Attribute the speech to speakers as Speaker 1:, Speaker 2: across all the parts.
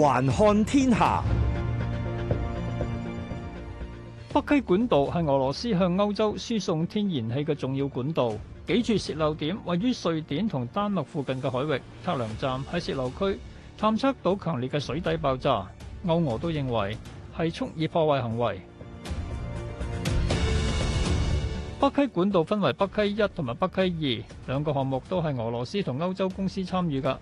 Speaker 1: 環看天下，北溪管道係俄羅斯向歐洲輸送天然氣嘅重要管道，幾處洩漏點位於瑞典同丹麥附近嘅海域。測量站喺洩漏區探測到強烈嘅水底爆炸，歐俄都認為係蓄意破壞行為。北溪管道分為北溪一同埋北溪二兩個項目，都係俄羅斯同歐洲公司參與㗎。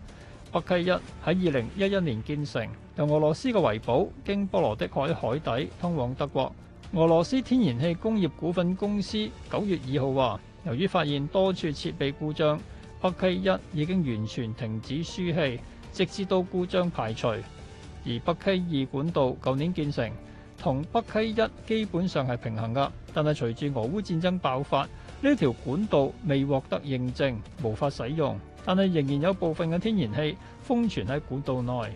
Speaker 1: 北溪一喺二零一一年建成，由俄羅斯嘅維堡經波羅的海海底通往德國。俄羅斯天然氣工業股份公司九月二號話，由於發現多處設備故障，北溪一已經完全停止輸氣，直至到故障排除。而北溪二管道舊年建成，同北溪一基本上係平行噶，但係隨住俄烏戰爭爆發，呢條管道未獲得認證，無法使用。但係仍然有部分嘅天然氣封存喺管道內。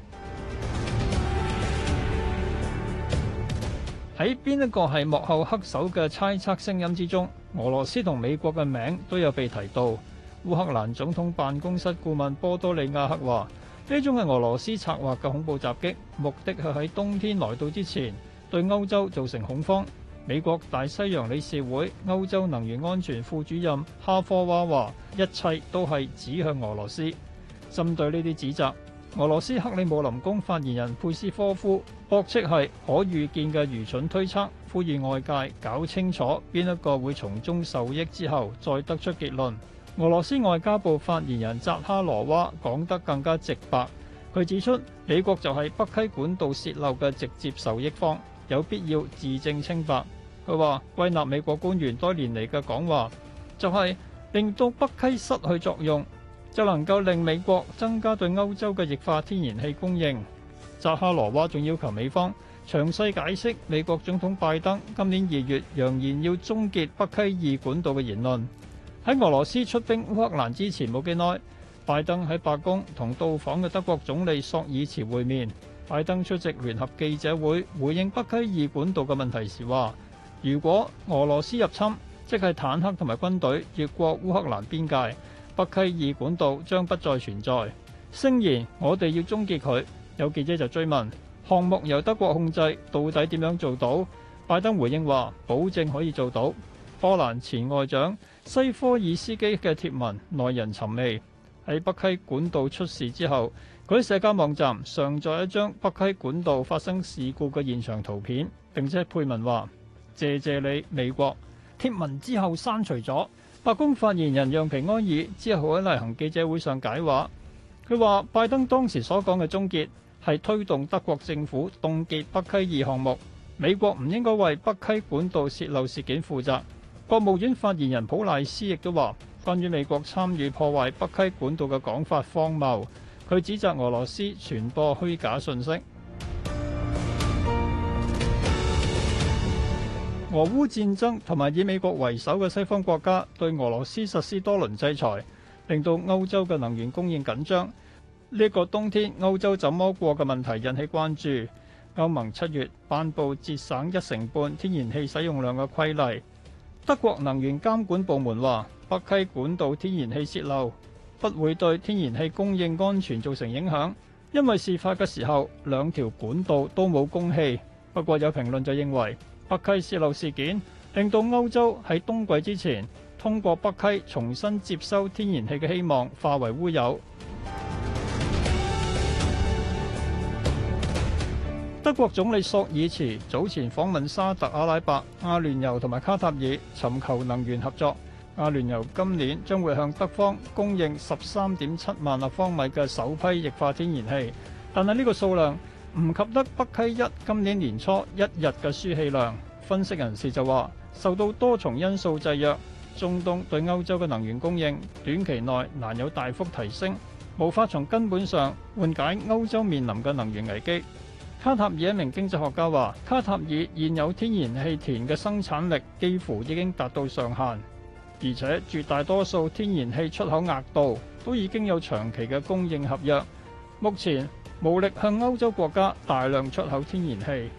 Speaker 1: 喺邊一個係幕後黑手嘅猜測聲音之中，俄羅斯同美國嘅名都有被提到。烏克蘭總統辦公室顧問波多利亞克話：呢種係俄羅斯策劃嘅恐怖襲擊，目的係喺冬天來到之前對歐洲造成恐慌。美國大西洋理事會歐洲能源安全副主任哈科娃話，一切都係指向俄羅斯。針對呢啲指責，俄羅斯克里姆林宮發言人佩斯科夫駁斥係可預見嘅愚蠢推測，呼籲外界搞清楚邊一個會從中受益之後，再得出結論。俄羅斯外交部發言人扎哈羅娃講得更加直白，佢指出美國就係北溪管道洩漏嘅直接受益方，有必要自證清白。佢話：歸納美國官員多年嚟嘅講話，就係令到北溪失去作用，就能夠令美國增加對歐洲嘅液化天然氣供應。扎哈羅娃仲要求美方詳細解釋美國總統拜登今年二月揚言要終結北溪二管道嘅言論。喺俄羅斯出兵烏克蘭之前冇幾耐，拜登喺白宮同到訪嘅德國總理索爾茨會面。拜登出席聯合記者會，回應北溪二管道嘅問題時話。如果俄羅斯入侵，即係坦克同埋軍隊越過烏克蘭邊界，北溪二管道將不再存在。聲言我哋要終結佢。有記者就追問項目由德國控制，到底點樣做到？拜登回應話保證可以做到。波蘭前外長西科爾斯基嘅貼文耐人尋味。喺北溪管道出事之後，佢喺社交網站上載一張北溪管道發生事故嘅現場圖片，並且配文話。謝謝你，美國，貼文之後刪除咗。白宮發言人讓平安爾之後喺例行記者會上解話，佢話拜登當時所講嘅終結係推動德國政府凍結北溪二項目，美國唔應該為北溪管道泄漏事件負責。國務院發言人普賴斯亦都話，關於美國參與破壞北溪管道嘅講法荒謬，佢指責俄羅斯傳播虛假信息。俄烏戰爭同埋以美國為首嘅西方國家對俄羅斯實施多輪制裁，令到歐洲嘅能源供應緊張。呢個冬天歐洲怎麼過嘅問題引起關注。歐盟七月頒佈節省一成半天然氣使用量嘅規例。德國能源監管部門話北溪管道天然氣洩漏不會對天然氣供應安全造成影響，因為事發嘅時候兩條管道都冇供氣。不過有評論就認為。北溪洩漏事件令到歐洲喺冬季之前通過北溪重新接收天然氣嘅希望化為烏有。 德國總理索爾茨早前訪問沙特阿拉伯、阿聯酋同埋卡塔爾，尋求能源合作。阿聯酋今年將會向德方供應十三點七萬立方米嘅首批液化天然氣，但係呢個數量。唔及得北溪一今年年初一日嘅輸氣量。分析人士就話受到多重因素制約，中東對歐洲嘅能源供應短期內難有大幅提升，無法從根本上緩解歐洲面臨嘅能源危機。卡塔爾一名經濟學家話卡塔爾現有天然氣田嘅生產力幾乎已經達到上限，而且絕大多數天然氣出口額度都已經有長期嘅供應合約，目前。無力向歐洲國家大量出口天然氣。